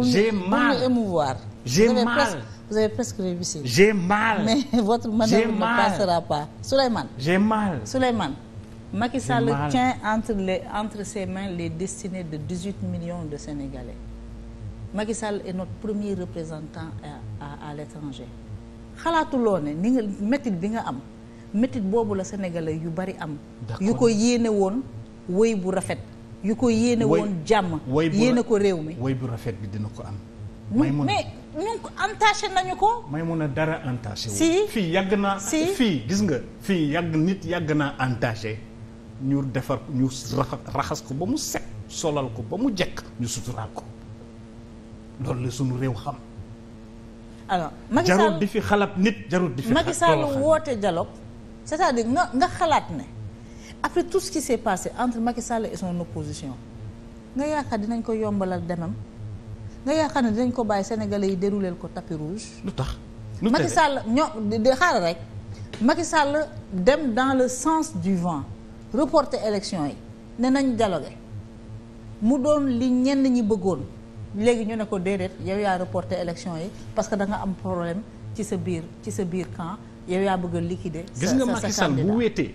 J'ai mal. J'ai mal. Vous avez presque réussi. J'ai mal. Mais votre manœuvre ne passera pas. Souleymane. J'ai mal. Souleymane. Macky Sall tient entre les entre ses mains les destinées de 18 millions de Sénégalais. Macky Sall est premier représentant à à, à l'étranger. xalaatuloo ne ni nga métit bi nga am métit boobu la sénégalais yu bari am. yu ko yéene wéy bu rafet. yu ko yéene woon jàmm yéene ko réew mi woy bu rafet bi dina ko am Maymuna mais ñu ko entaché nañu ko dara entaché si fii yàgg naa si fii gis nga fii yàgg nit yàgg naa entaché ñu defar ñu raxas ko ba mu set solal ko ba mu jekk ñu suturaal ko loolu la suñu réew xam alors Macky Sall di fi xalaat nit jarut di fi Macky Sall woote dialogue c'est-à-dire nga nga xalaat ne après tout ce qui s'est passé entre Macky Sall et son opposition nga yaakaar dinañ ko yombalal demam nga yaakaar ne dinañ ko bàyyi sénégalais yi dérouleel ko tapis rouge. lu tax Macky Sall ñoo de xaaral rek Macky Sall dem dans le sens du vent reporter élection yi ne nañ dialogué mu doon li ñenn ñi bëggoon léegi ñu ne ko déedéet yow yaa reporter élection yi parce que danga am problème ci sa biir ci sa biir camp yow yaa bëgg a liquider. sa sa gis nga Macky bu wéetee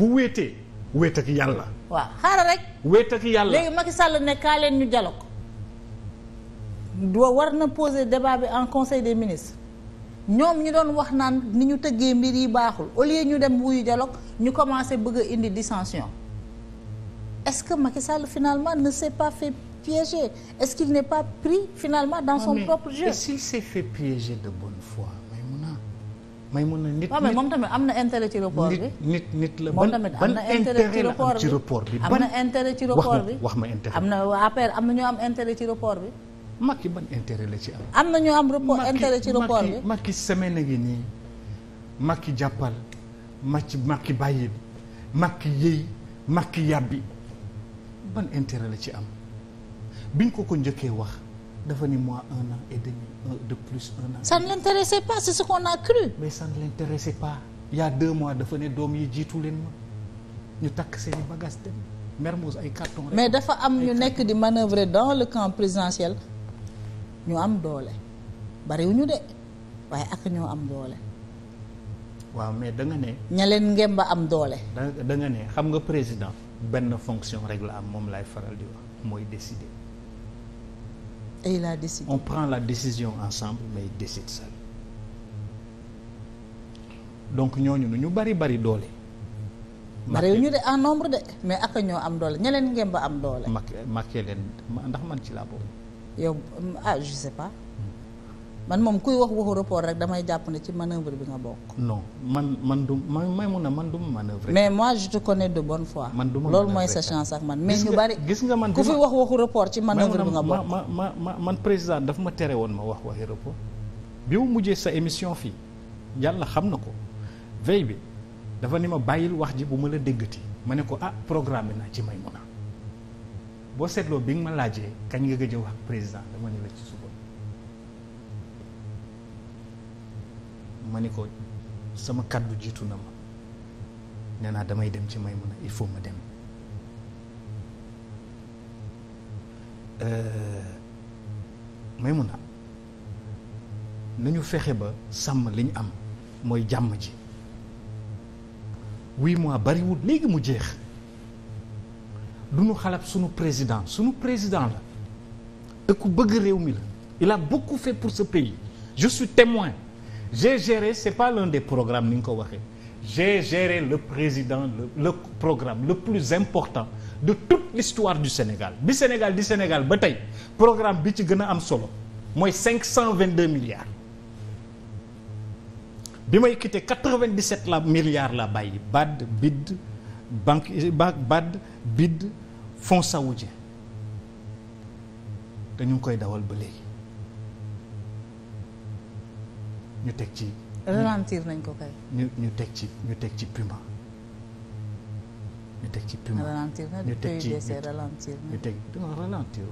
bu wéetee wéet ak yàlla. waaw xaaral rek. wéet ak yàlla léegi Macky Sall ne kaa leen ñu dialogue. doo war na poser débat bi en conseil des ministres ñoom ñu doon wax naan ni ñu tëggee mbir yi baaxul au lieu ñu dem wuyu dialogue ñu commencé bëgg a indi dissension est-ce que Macky Sall finalement ne s'est pas fait piéger est-ce qu'il n'est pas pris finalement dans ah, son propre jeu. et s'il s'est fait piéger de bonne foi. may mun na nit waaw mais moom tamit am na intérêt ci report bi. nit nit la ban ban intérêt la am ci report bi. am na intérêt ci report bi wax ma intérêt. am na APR am na ñoo am intérêt ci report bi. Macky ban intérêt la ci am. am na ñoo am report intérêt ci report bi Macky Macky semaine ngi nii Macky jàppal Macky Macky bàyyil Macky yëy Macky yàbbi ban intérêt la ci am biñ ko ko njëkkee wax. dafa ni mois un an et demi un, de plus un an. ça ne l'intéressait pas c'est ce qu'on a cru. mais ça ne l'intéressait pas il y a deux mois dafa ne doom yi jiitu leen ma ñu takk seen i bagages dem Mermoz ay carton mais dafa am ñu nekk di manœuvrer dans le camp présidentiel ñu am doole bariwuñu de waaye ak ñoo am doole. waaw mais danga ne. ña leen ngem ba am doole. da da nga ne xam nga président benn fonction rek la am moom lay faral di wax mooy décider. Et il a décidé. On prend la décision ensemble, mais il décide seul. donc ñooñu nu ñu bari bari doole. bari ñu de en nombre de mais ak ñoo am doole ñeneen ngeen ba am doole. Macky Macky leen ndax man ci laa boobu. yow ah je sais pas. Hmm. man moom kuy wax waxu report rek damay jàpp ne ci manœuvre bi nga bokk. non man man du man may mun a man du ma manœuvre. mais moi je te connais de bonne foi. man du ma loolu mooy sa chance ak man. mais ñu bari gis nga man ku fi wax waxu report ci manœuvre bi nga bokk. ma ma ma man président daf ma tere woon ma wax waxi report bi mu mujjee sa émission fii yàlla xam na ko veille bi dafa ni ma bàyyil wax ji bu ma la déggati ma ne ko ah programme bi naa ci may mun a boo seetloo bi nga ma laajee kañ nga gëj a wax président dama ne la ci suba. ma ni ko sama kàddu jiitu na ma nee naa damay dem ci may Maymuna il faut ma dem euh, na ñu fexe ba sàmm li am mooy jàmm ji huit mois bariwul léegi mu jeex du ñu xalaat sunu président sunu président la te ku bëgg réew mi la il a beaucoup pour ce pays je témoin j'ai géré c'est pas l'un des programmes ni nga ko waxee j'ai géré le président le, le programme le plus important de toute l'histoire du Sénégal bi Sénégal di Sénégal ba tey programme bi ci gën a am solo mooy 522 milliards bi may quitté 97 la milliards la bàyyi BAD BID banque BAD BID fonds saoudien te ñu ngi koy dawal ba léegi ñu teg ci. ralentir nañ ko kay. ñu teg ci ñu teg ci Puma. ñu teg ci Puma ralentir na ñu teg ci ñu teg Puma ralentir.